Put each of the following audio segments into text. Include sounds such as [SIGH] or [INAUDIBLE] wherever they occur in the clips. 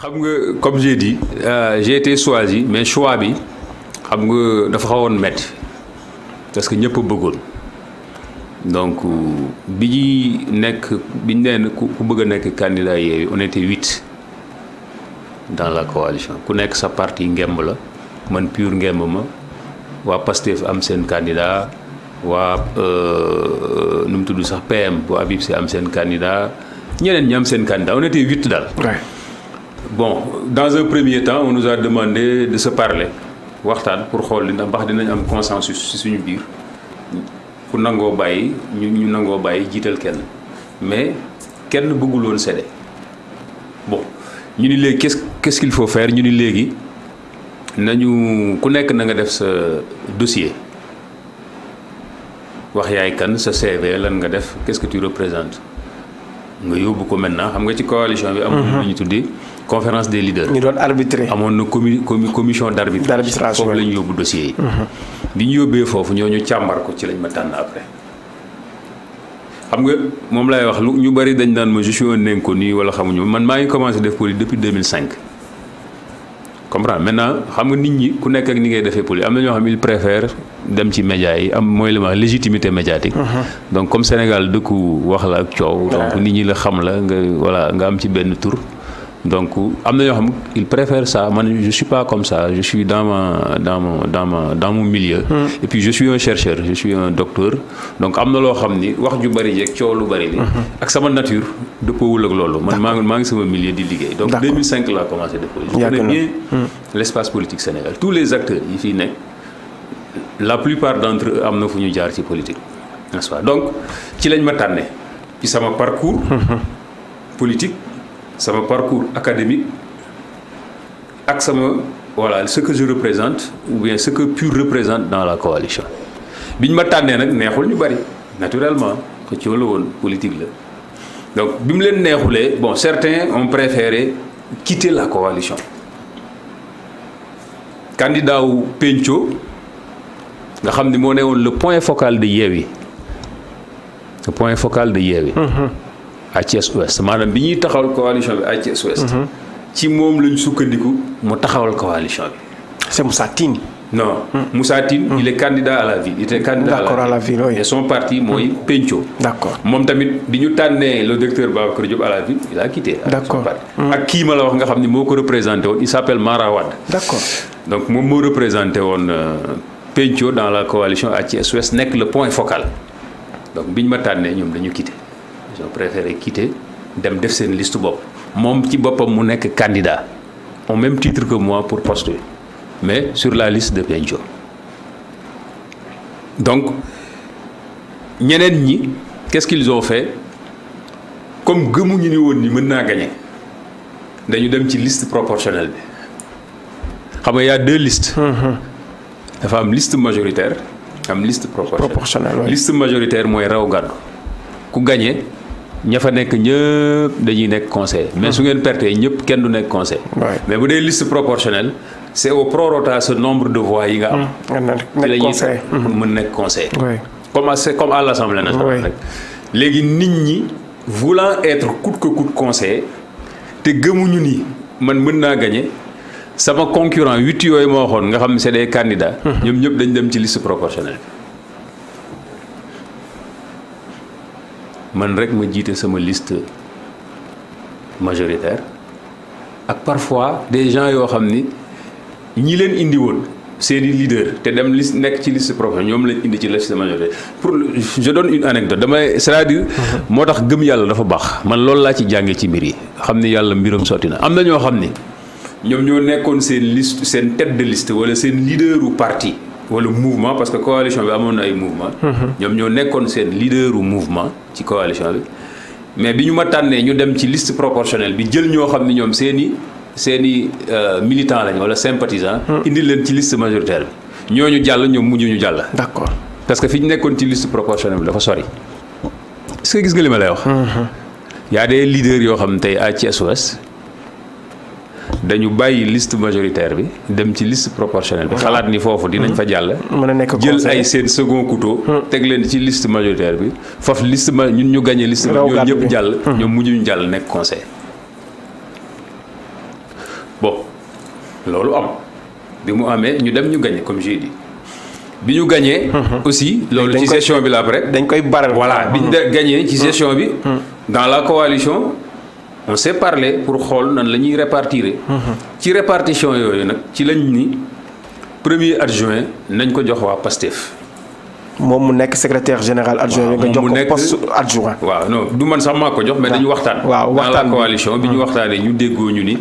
xam nga comme j'ai dit euh, j'ai été choisi mais choix bi xam nga dafa xawoon metti parce que ñëpp bëggoon donc bi ñuy nekk bi ñu nee ku bëgg a nekk candidat Yewwi on était dans la coalition ku nekk sa partie ngemb la man pur ngemb ma waa Pastef am seen candidat waa euh, nu mu tudd sax PM bu Habib si am seen candidat ñeneen ñi am seen candidat on était daal. bon dans un premier temps on nous a demandé de se parler waxtaan pour xool li ndax di dinañ am consensus si suñu biir ku nangoo bàyyi ñu ñu nangoo bàyyi jiital kenn mais kenn bëgguloon cédé bon ñu ni léegi qu'est-ce quest faut faire ñu ni léegi nañu ku nekk na nga def sa dossier wax yaay kan sa CV lan nga def qu'est-ce que tu représentes nga yóbbu ko maintenant xam nga ci coalition bi amul mhm. lu ñu tuddee conférence des leaders. ñu doon arbitré amoon na commi commission d' arbitrage. d' arbitrage foofu la ñu yóbbu dossier yi. Mhm. bi ñu yóbbee foofu ñoo ñu càmbar ko ci lañ ma tànn après. xam nga moom lay wax lu ñu bari dañ naan ma je suis un inconnu wala xamuñu man maa ngi commencé def poli depuis 2005. comprendre maintenant xam nga nit ñi ku nekk ak ni ngay defee poli am na ñoo xam ne il préfère dem ci média yi am mooy li ma wax légitimité médiatique. Mhm. donc comme Sénégal dëkku wax la ak coow. donc nit ñi la xam la nga voilà nga am ci benn tur. donc am na yoo xam il préfère ça man je suis pas comme ça je suis dans ma dans ma dans ma dans mon milieu. Hmm. et je suis un chercheur je suis un docteur donc am na loo xam ni wax ju bëri jeeg coow lu bari li hmm. ak sama nature dëppoowul ak loolu. man maa ngi maa ngi sama milieu di liggéey. donc 2005 laa commencé def. je connais hmm. Sénégal tous les acteurs yi fii nekk la plupart d' entre am na fu ñu jaar ci politique n'est-ce pas donc ci lañ ma tànnee ci sama parcours. politique. sama parcours académique ak sama voilà ce que je représente ou bien ce que PUR représente dans la coalition bi ñu ma tànnee nag neexul ñu bari naturellement xëccoo la woon politique la donc bi mu leen neexulee bon certains ont préféré quitter la coalition candidat wu Penco nga xam ni moo ne woon le point focal de Yewwi le point focal de Yewwi. Mm-hmm. à Thiès Ouest maanaam bi ñuy taxawal coalition bi à Thiès mhm. ci moom lañu sukkandiku mu taxawal coalition bi. c'est Moussa Tine. non hmm. Moussa Tine. Hmm. il est candidat à la ville il était candidat à la ville et son parti mooy hmm. Penco. d'accord moom tamit bi ñu tànnee le docteur Babacar Diop à la ville il a quitté. ak kii ma la wax nga xam ne moo ko représenté woon il s'appelle Mara Wade. d'accord donc moom moo représenté woon euh, Penco dans la coalition à Thiès nekk le point focal donc biñ ma tànnee ñoom dañu quitté. ils ont préféré quitter dem def seen list bopp moom ci boppam mu nekk candidat au même titre que moi pour poste bi mais sur la liste de Benno donc ñeneen ñi qu'est-ce qu'ils ont fait comme gëmuñu ni woon ni mën naa gagner dañu dem ci liste proportionnelle bi xam nga y a deux listes. Mm-hmm. dafa am liste majoritaire am liste proportionnelle. list majoritaire mooy raw gàddu ku gagné ña fa nekk ñëpp dañuy nekk conseil mais su ngeen pertee ñëpp kenn du nekk conseil mais bu dee liste proportionnelle c'est au prorata ce nombre de voix yi nga am mmh. ci la ñuy mën nekk conseil comme c'est comme à l'Assemblée nationale rek léegi nit ñi voulant être coûte que conseil te gëmuñu ni man mën naa gagner sama concurrent huit yooyu ma waxoon nga xam c'est des candidats mmh. ñoom ñëpp dañ dem ci liste proportionnelle man rek ma jiite sama list majoritaire ak parfois des gens yoo xam ni ñi leen indi woon seeni leader te dem liste nekk ci liste professionnelle ñoom lañ indi ci liste majoritaire pour je donne une anecdote damay cest à [LAUGHS] moo tax gëm yàlla dafa baax man loolu laa ci jànge ci mbir yi xam ni yàlla mbiram sotti na am na ñoo xam ni ñoom ñoo nekkoon seen liste seen tête de liste wala seen leaderu parti wala mouvement parce que coalition bi amoon na ay mouvement mhm. ñoom ñoo nekkoon seen leaderu mouvement ci coalition bi mais bi ñu ma tànnee ñu dem ci liste proportionnelle bi jël ñoo xam ne ñoom seen i i euh, militant lañ wala sympathisant mhm. indi leen ci liste majoritaire bi ñooñu jàll ñoom mujj jàll d'accord parce que fi ñu nekkoon ci liste proportionnelle bi dafa sori est gis nga li lay wax mhm. y a des yoo xam tey à Thiès Ouest dañu bàyyi list majoritaire bi dem ci liste proportionnelle bi. xalaat ni foofu dinañ fa mm-hmm. jàll. mën a nekk jël ay seen second couteau. Mm-hmm. teg leen ci list majoritaire bi faf list ma ñun ñu gagné liste. raw ñoom ñëpp jàll. Mm-hmm. ñoom mujjuñu jàll nekk conseil. bon loolu am bi mu amee ñu dem ñu gagné comme j'ai dit bi ñu gañee aussi loolu ci session bi la après. dañ koy baral voilà bi ñu gagné ci session bi. dans la coalition. on s'est parlé pour xool nan la ñuy répartir. ci répartition yooyu nag ci lañ ni premier adjoint nañ ko jox waa PASTEF. moom mu nekk secrétaire général adjoint bi nga jox ko poste adjoint waaw non du man sax maa ko jox mais dañu waxtaan. waaw waxtaan dans la coalition bi ñu hmm. waxtaanee ñu déggoo ñu ni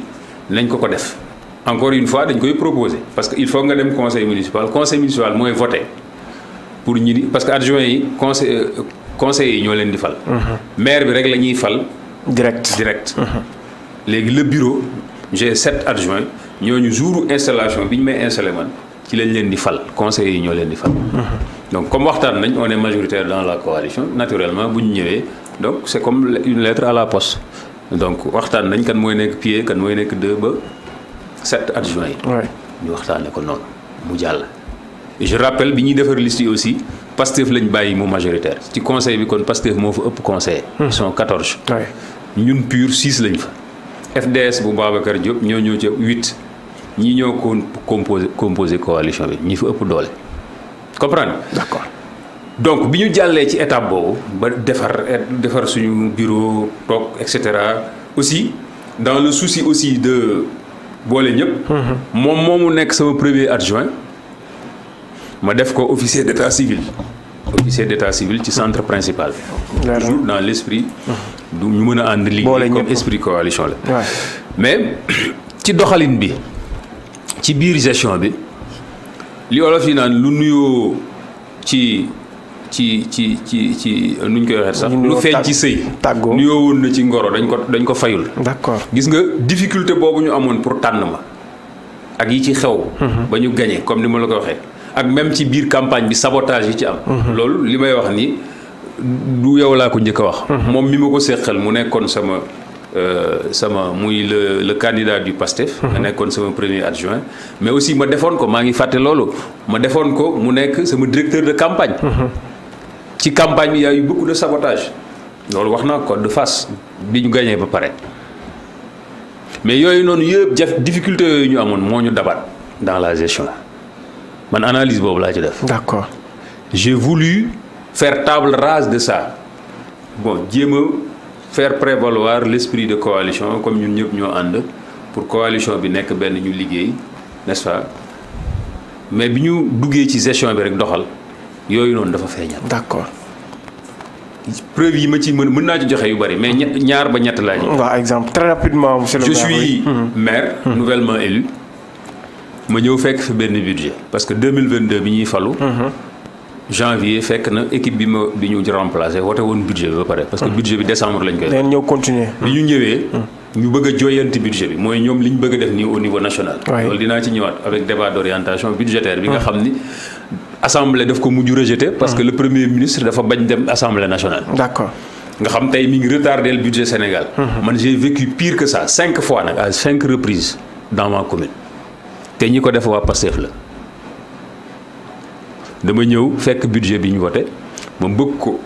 nañ ko ko def. encore une fois dañ koy proposer parce que il faut nga dem conseil municipal conseil municipal mooy voté pour ñi di parce que adjoint yi conseil euh, conseil yi ñoo leen di fal. Hmm. maire bi rek la fal. direct direct. léegi le bureau j'ai sept adjoints ñooñu jouru installation bi ñu may installé man ci lañ leen di fal conseil yi ñoo leen di fal. donc comme waxtaan nañ on est majoritaire dans la coalition naturellement bu ñu ñëwee donc c'est comme une lettre à la poste donc waxtaan nañ kan mooy nekk pied kan mooy nekk deux ba sept adjoints yi. ñu waxtaanee ko noonu mu jàll. je rappelle bi ñuy defar liste yi aussi Pastef lañ bàyyi mu majoritaire ci conseil bi kon Pastef moo fa ñun pur six lañ fa FDS bu Babacar Diop ñoo ñëw ci huit ñi ñoo ko composé composé coalition bi ñu fi ëpp doole comprendre d'accord donc bi ñu jàllee ci étape boobu ba defar defar suñu bureau toog et cetera aussi dans le souci aussi de boole ñëpp. Mhm. moom mu nekk sama premier adjoint ma def ko officier d'état civil. officier d'état civil ci centre principal bi toujours dans l'esprit du ñu mën a ànd liggéey comme esprit coalition la mais [CLEARS THROAT] ci doxalin bi ci biir gestion bi li olof yi naan lu nuyoo ci ci ci ci ci nuñ koy waxee sax lu feeñ ci sëy nuyoo woon na ci ngoro dañ ko dañ ko fayul d'accord gis nga difficulté boobu ñu amoon pour tànn ma ak yi ci xew mhm. ba ñu gañe comme ni ma la ko waxee ak même ci biir campagne bi sabotage yi ci am. Mhm. loolu li may wax ni du yow laa ko njëkk a wax. Mhm. moom mi ma ko seqal mu nekkoon sama euh, sama muy le le candidat du PASTEF. Mhm. ma nekkoon sama premier adjoint. mais aussi ma defoon ko maa ngi fàtte loolu ma defoon ko mu nekk sama directeur de campagne. ci campagne bi y a eu beaucoup de sabotage loolu wax naa ko de face bi ñu gagné ba pare. mais yooyu noonu yëpp jaf difficulté yooyu ñu amoon moo ñu dabaat dans la gestion. man analise boobu laa ci def. d'accord j'ai voulu faire table rase de ça bon jéem a faire prévaloir l'esprit de coalition comme ñun ñëpp ñoo ànd pour coalition bi nekk benn ñu liggéey n'est-ce pas mais bi ñu duggee ci gestion bi rek doxal yooyu noonu dafa feeñal. d'accord. preuve yi ma ci mën mën naa ci joxe yu bari mais ñaar ba ñett laa ji. waaw exemple très rapidement monsieur le maire je maire. nouvellement élu. ma ñëw fekk fi benn budget parce que bi ñuy falu. Mhm. janvier fekk na équipe bi ma bi ñu remplacé wote woon budget bi ba pare. parce que mhm. budget bi décembre lañ koy. leen ñëw continuer. bi ñu ñëwee. Mhm. ñu bëgg a budget bi mooy ñoom li ñu bëgg def nii au niveau national. loolu dinaa ci ñëwaat avec débat d'orientation budgétaire bi nga xam ni. assemblée daf ko mujj rejeté. parce que le premier ministre dafa bañ dem assemblée nationale. d'accord. nga xam tey mi ngi te ñi ko def waa Pastef la dama ñëw fekk budget bi ñu voté ma bëgg ko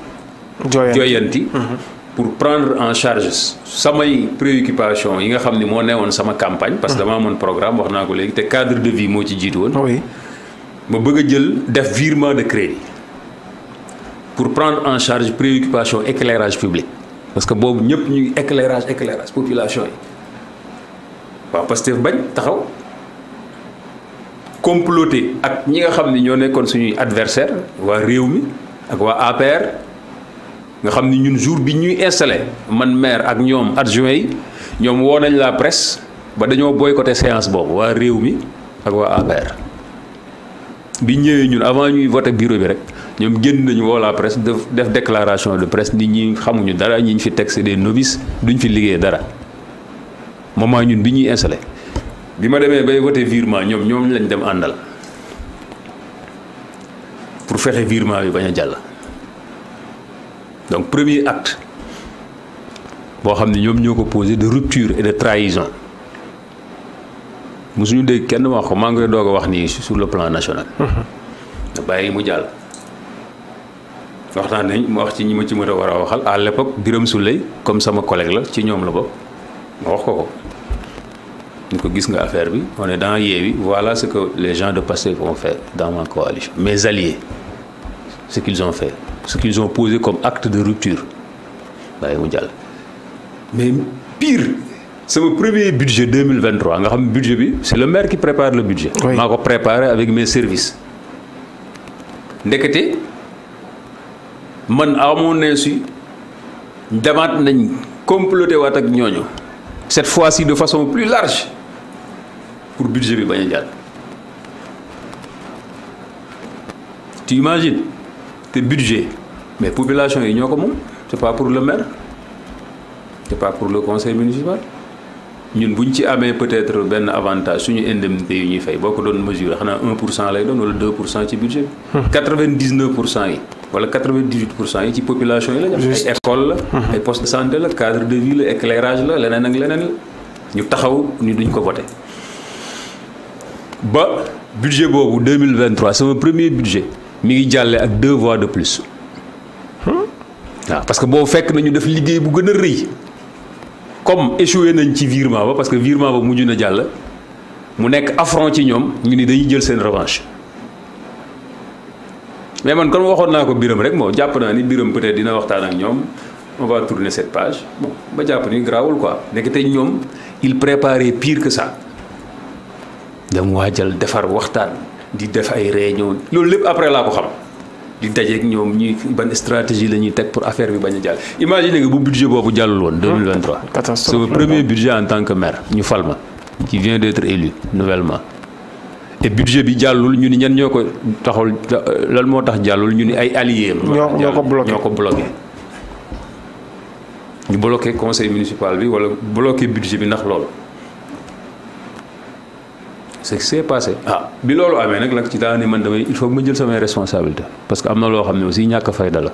jooyanti mhm. pour prendre en charge samay préoccupation yi nga xam ne moo newoon sama campagne parce que mhm. dama amoon programme wax naa ko léegi te cadre de vie moo ci jiitu woon ma bëgg a jël def virement de crédit pour prendre en charge préoccupation éclairage public parce que boobu ñëpp ñuy éclairage éclairage population yi waaw Pastef bañ taxaw comploter ak ñi nga xam ni ñoo nekkoon suñuy adversaire waa réew mi ak waa APR nga xam ni ñun jour bi ñuy installé man maire ak ñoom adjoint yi ñoom woo nañ la presse ba dañoo boycotté séance boobu waa réew mi ak waa APR bi ñëwee ñun avant ñuy voté bureau bi rek ñoom génn nañu woo la presse def def déclaration de presse nit ñi xamuñu dara ñi ñu fi teg c'est des novices duñ fi liggéey dara moment ñun bi ñuy installé bi ma demee bay voté virement ñoom ñoom lañ dem àndal pour fexe virement bi bañ a jàll donc premier acte boo xam ne ñoom ñoo ko posé de rupture et de trahison mosuñu dégg kenn wax ko maa ngi koy doog wax nii sur le plan national. Mhm. bàyyi mu jàll. waxtaan nañ ma wax ci ñi ma ci mën a war a waxal à l'époque Birame Souley comme sama collègue la ci ñoom la bopp ma wax ko ko. ñu ko gis nga affaire bi on est dans voilà ce que les gens de Pastef ont fait dans ma coalition mes alliés ce qu'ils ont fait ce qu'ils ont posé comme acte de rupture waaye mu jàll mais pire sama premier budget 2023 nga xam budget bi c'est le maire qui prépare le budget oui. maa ko préparé avec mes services ndekete man à ne insu demaat nañ comploté waat ak ñooñu cette fois-ci de façon plus large pour budget bi bañ a jàll tu imagines te budget mais population yi ñoo ko moom c'est pas pour le maire c'est pas pour le conseil municipal ñun bu ñu ci amee peut-être benn avantage suñu indemnité yu ñuy fay boo ko doon mesure xanaa 1 pour cent lay doon wala 2 pour cent ci budget bi. 99 hmm. pour cent yi wala 98 pour cent yi ci population yi la. ay école la. Hmm. ay poste de la cadre de vie éclairage la leneen ak leneen la ñu taxaw ni duñ ko voté. ba budget boobu 2023 sama premier budget mi ngi jàlle ak deux voix de plus waaw parce que boobu fekk nañu def liggéey bu gën a rëy comme échoué nañ ci virement ba parce que virement ba mujj na jàll mu nekk affront ci ñoom ñu ni dañuy jël seen revanche mais man kon waxoon naa ko biram rek moo jàpp naa ni biram peut dina waxtaan ak ñoom on va tourner cette page ba jàpp ni grawul quoi nekk tey ñoom il préparer pire que ça dem waajal defar waxtaan di def ay réunion loolu lépp après laa ko xam di dajeeg ñoom ñuy ban stratégie la ñuy teg pour affaire bi bañ a jàll. imagine nga bu budget boobu jàllul woon. 2023 ah, catastrophe sama premier budget en tant que maire ñu fal ma. qui vient d'être élu nouvellement. te budget bi jàllul ñu ni ñan ñoo ko taxul lan moo tax jàllul ñu ni ay alliés. ñoo ñoo ko bloqué ko bloqué. ñu bloqué conseil municipal bi wala bloqué budget bi ndax lool ce qui s'est passé ah bi loolu amee nag nag ci daa man damay il faut ma jël samay responsabilité parce que am na loo xam ne aussi ñàkk fayda la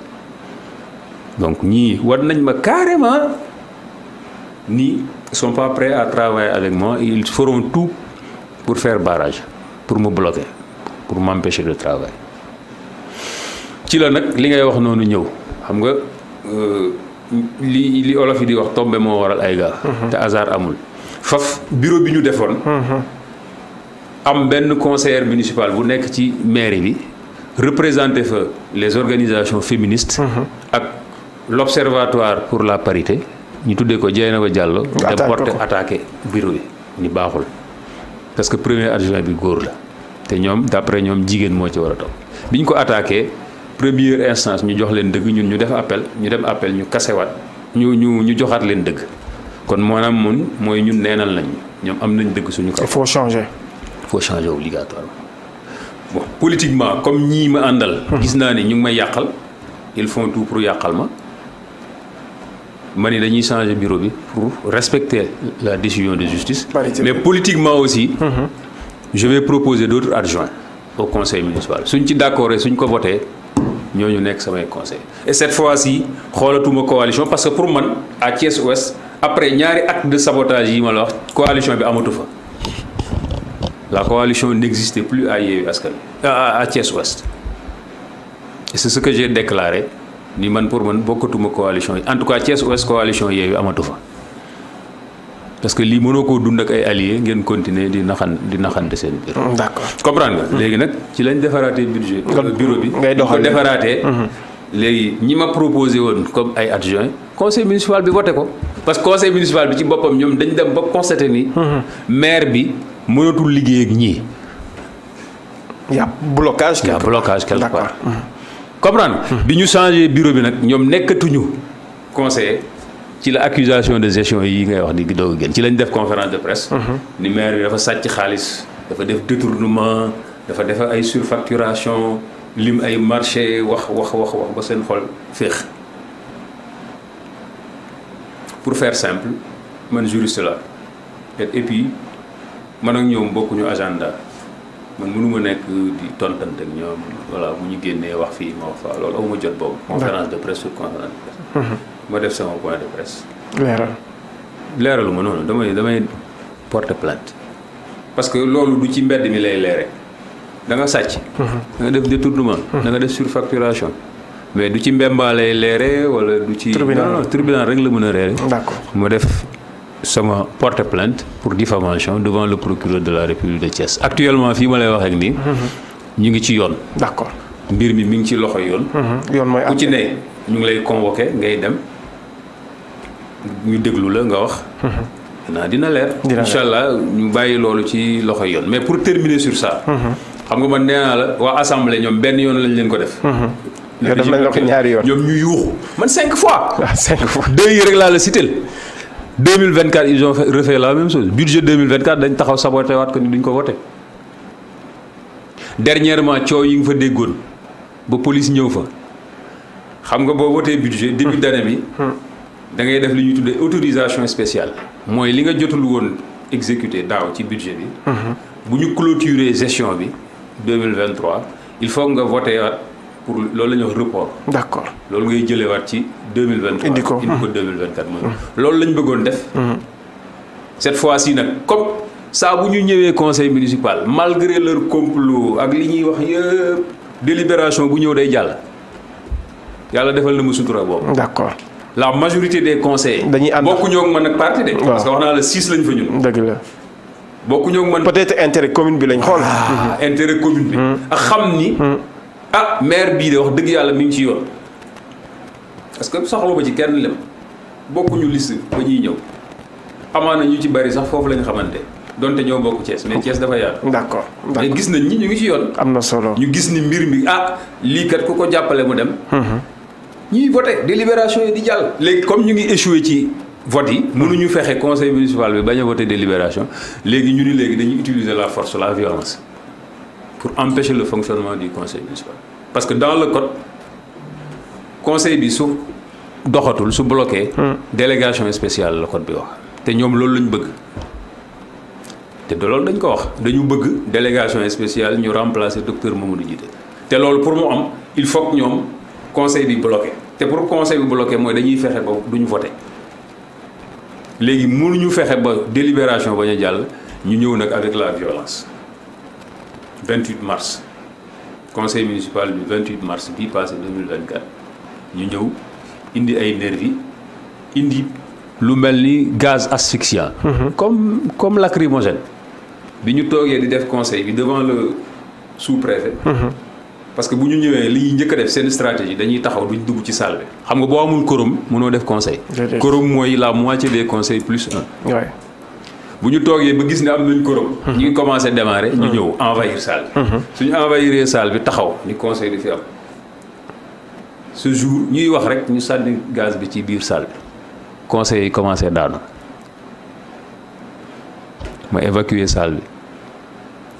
donc ñii war nañ ma carrément ni sont pas prêts à travailler avec moi ils feront tout pour fair barrage pour me bloquer pour m'empêcher de travailler ci la nag li ngay wax noonu ñëw xam nga euh, li li olof yi di wax tombé moo waral ay gaa mhm. te hasard amul faf bureau bi ñu defoon mhm. am benn conseiller municipal bu nekk ci mairie bi représenté fa les organisations féministes. Mhm. ak l'observatoire pour la parité ñu tuddee ko Dieynaba ko attaqué dem porté attaqué bureau yi ñu baaxul. parce que premier adjoint bi góor la te ñoom d'après ñoom jigéen moo ci war a topp bi ñu ko attaqué première instance ñu jox leen dëgg ñun ñu def appel ñu dem appel ñu kasewaat ñu ñu ñu joxaat leen dëgg kon maanaam mun mooy ñun neenal nañ ñoom am nañ dëgg suñu faut changer obligatoirement bon politiquement comme ñii ma àndal. gis naa ne ñu ngi may yàqal ils font tout pour yàqal ma ma ne dañuy changer bureau bi pour respecter la décision de justice. mais politiquement aussi. Mhm. je vais proposer d'autres adjoints au conseil municipal suñ ci d'accord suñ ko voté ñooñu nekk samay conseil et cette fois-ci xoolatuma coalition parce que pour man à Thiès Ouest après ñaari acte de sabotage yi ma la wax coalition bi amatu La coalition n'existait plus à, euh, à, à Thiès Ouest. Et c'est ce que j'ai déclaré. Ni man pour man bokkatuma coalition yi en tout cas Thiès Ouest coalition Yewwi amatu fa parce que lii mënoo ko dund ak ay alliés ngeen continuer di naxan di naxante seen biir. Mm, d'accord comprendre nga. Mm. léegi nag ci lañ defaraatee budget. Euh, bureau bi ngay doxalee ko defaraatee. Mm-hmm. léegi ñi ma proposé woon comme ay adjoint conseil municipal bi voté ko parce que conseil municipal bi ci boppam ñoom dañ dem ba constaté ni. Mm-hmm. maire bi. mënatul liggéey ak ñii. y' a blocage quelque part y' a blocage quelque part. comprendre bi ñu changé bureau bi nag ñoom nekkatuñu conseiller ci la accusation de gestion yi ngay wax di doog a génn ci lañ def conférence de presse. ni maire dafa sàcc xaalis dafa def détournement dafa def ay surfacturation lim ay marché wax wax wax wax ba seen xol féex. pour faire simple man juriste la man ak ñoom bokkuñu agenda man mënuma nekk di tontante ak ñoom voilà mu ñu génnee wax fii ma fa loolu awuma jot boobu. conférence de presse sur conférence de presse. Mhm. ma def sama point de presse. leeral. leeralu ma noonu damay damay porter plainte. parce que loolu du ci mbedd mi lay leere da nga sàcc. Mhm. da nga def détournement. Mhm. da nga def surfacturation. mais du ci mbembaa lay leere wala du ci. tribunal non rek la mën a reere. d'accord sama porte plainte pour diffamation devant le procureur de la République de Thiès actuellement fii ma lay wax nii. Mhm. ñu ngi ci yoon. mbir mi mi ngi ci loxo yoon. Mhm. yoon mooy ku ci ne ñu ngi lay convoqué ngay dem ñu déglu la nga wax. Mhm. naa dina leer. dina incha allah ñu bàyyi loolu ci loxo yoon mais pour terminer sur ça. xam nga man nee naa la waa assemblée ñoom benn yoon lañ leen ko def. yow def nañ la ko ñaari yoon ñoom ñu yuuxu man cinq fois. waaw [LAUGHS] cinq laa la cité. 2024 ils ont refait la même chose budget 2024 dañ taxaw saboté ko ni duñ ko voté dernièrement coow yi nga fa déggoon ba police ñëw fa xam nga boo votee budget début d'année bi da ngay def li ñuy tuddee autorisation spéciale mooy li nga jotul woon exécuté daaw ci budget bi mhm. bu ñu clôturer gestion bi 2023 il faut nga voté waat pour loolu la ñuy wax report. d' accord loolu ngay jëlewaat ci deux mille ko mm-hmm. mm-hmm. bëggoon def. Mm-hmm. cette fois ci nag comme saa bu ñu ñëwee conseil municipal malgré leur complot ak li ñuy wax yëpp délibération bu ñëw day jàll. yàlla defal na mu sutura boobu. d' la majorité des conseillers. dañuy ànd bokkuñoo ak man ak parti de. parce que wax naa la six lañ fa ñun. dëgg la. man peut-être commune bi lañ xool. Ah, intérêt commune bi. ak xam ni. ah maire bii de wax dëgg yàlla mi ngi ci yoon parce que soxla ba ci kenn lem ñu liste ba ñuy ñëw amaana ñu ci bari sax foofu lañu xamante donte ñoo bokk Thiès mais Thiès dafa yaatu. d'accord mais gis nañ ñi ñu ngi ci yoon. am na solo ñu gis ni mbir mi ah liikat kat ku ko jàppale mu dem. Mhm. ñuy voté délibération yi di jàll. léegi comme ñu ngi échoué ci vote yi. mënuñu fexe conseil municipal bi bañ a voté délibération léegi ñu ni léegi dañuy utiliser la force la violence. pour empêcher le fonctionnement du conseil municipal parce que dans le code conseil bi su doxatul su bloqué. Hmm. délégation spéciale la code bi wax te ñoom loolu lañu bëgg te de loolu dañ ko wax dañu bëgg délégation spéciale ñu remplacer docteur Mamadou Djité te loolu pour mu am il faut ñoom conseil bi bloqué te pour conseil bi bloqué mooy dañuy fexe ba duñu voté léegi mënuñu fexe ba délibération bañ a jàll ñu ñëw nag avec la violence 28 mars conseil municipal bi 28 mars bi passé 2024 ñu ñëw indi ay nervi indi lu mel ni gaz asphyxiant. Mhm. comme comme lacrymogène. bi ñu toogee di def conseil bi devant le sous-préfet. Mhm. parce que bu ñu ñëwee li njëkk a def seen stratégie dañuy taxaw duñ dugg ci salle bi. xam nga boo amul quorum mënoo def conseil. quorum mooy la moitié des conseils plus un. bu ñu toogee ba gis ne am nañ korom. Mhm. ñu ngi commencé démarrer. ñu mhm. ñëw envahir salle bi. Mhm. suñu envahiree salle bi taxaw ni conseil di fi am ce jour ñuy wax rek ñu sànni gaz bi ci biir salle bi conseil yi commencé daanu ma évacuer salle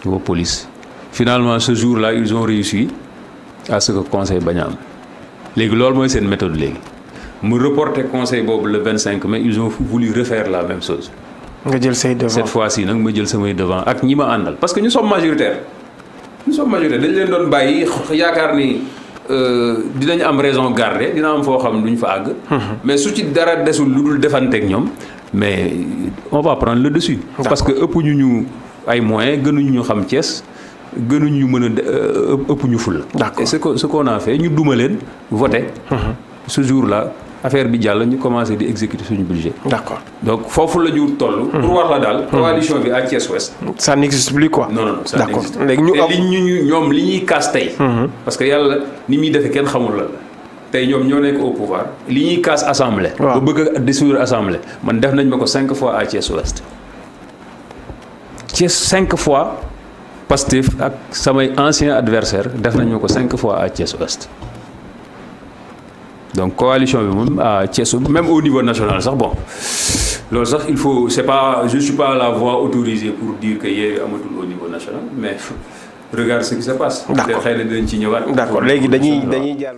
bi woo police. finalement ce jour laa ils ont réussi à ce conseil bañ am léegi loolu mooy seen méthode léegi mu reporter conseil boobu le 25 mai ils ont voulu refaire la même chose. nga jël say devant cette fois ci nag ma jël samay devant ak ñi ma àndal parce que ñu sommes majoritaires ñu sommes majoritaires dañ leen doon bàyyi yaakaar ni euh, dinañ am raison garde dina am foo xam duñ fa àgg. Mhm. mais su ci dara desul lu dul defanteeg ñoom mais on va prendre le dessus. parce que ëpp ñu ñu ay moyen gënuñ ñu xam ces gënuñ ñu mën a euh, ëpp ñu ful. la ndax e que ce qu'on a fait ñu duma leen voté. Mhm. ce jour-là. affaire bi jàll ñu commencé di exécuter suñu budget. d'accord donc foofu la ñu toll. Mhm. pour wax la daal. Mhm. coalition bi à Thiès Ouest. ça n'existe plus quoi. non non non ça ñu ñu ñoom li ñuy kaas tey. Mhm. parce que yàlla ni muy defee kenn xamul la tey ñoom ñoo nekk au li ñuy kaas assemble ba bëgg di dissoudre assemblée man def nañ ma ko cinq fois à Thiès Ouest. Thiès cinq fois Pastef ak samay anciens adversaires def nañ ma ko cinq fois à Thiès Ouest. donc coalition bi moom ah Thiès même au niveau national sax bon loolu sax il faut c'est pas je suis pas la voix autorisée pour dire que Yewwi amatul au niveau national mais [LAUGHS] regarde ce qui se passe. d'accord xëy na dinañ ci ñëwaat. d'accord léegi dañuy dañuy jàll.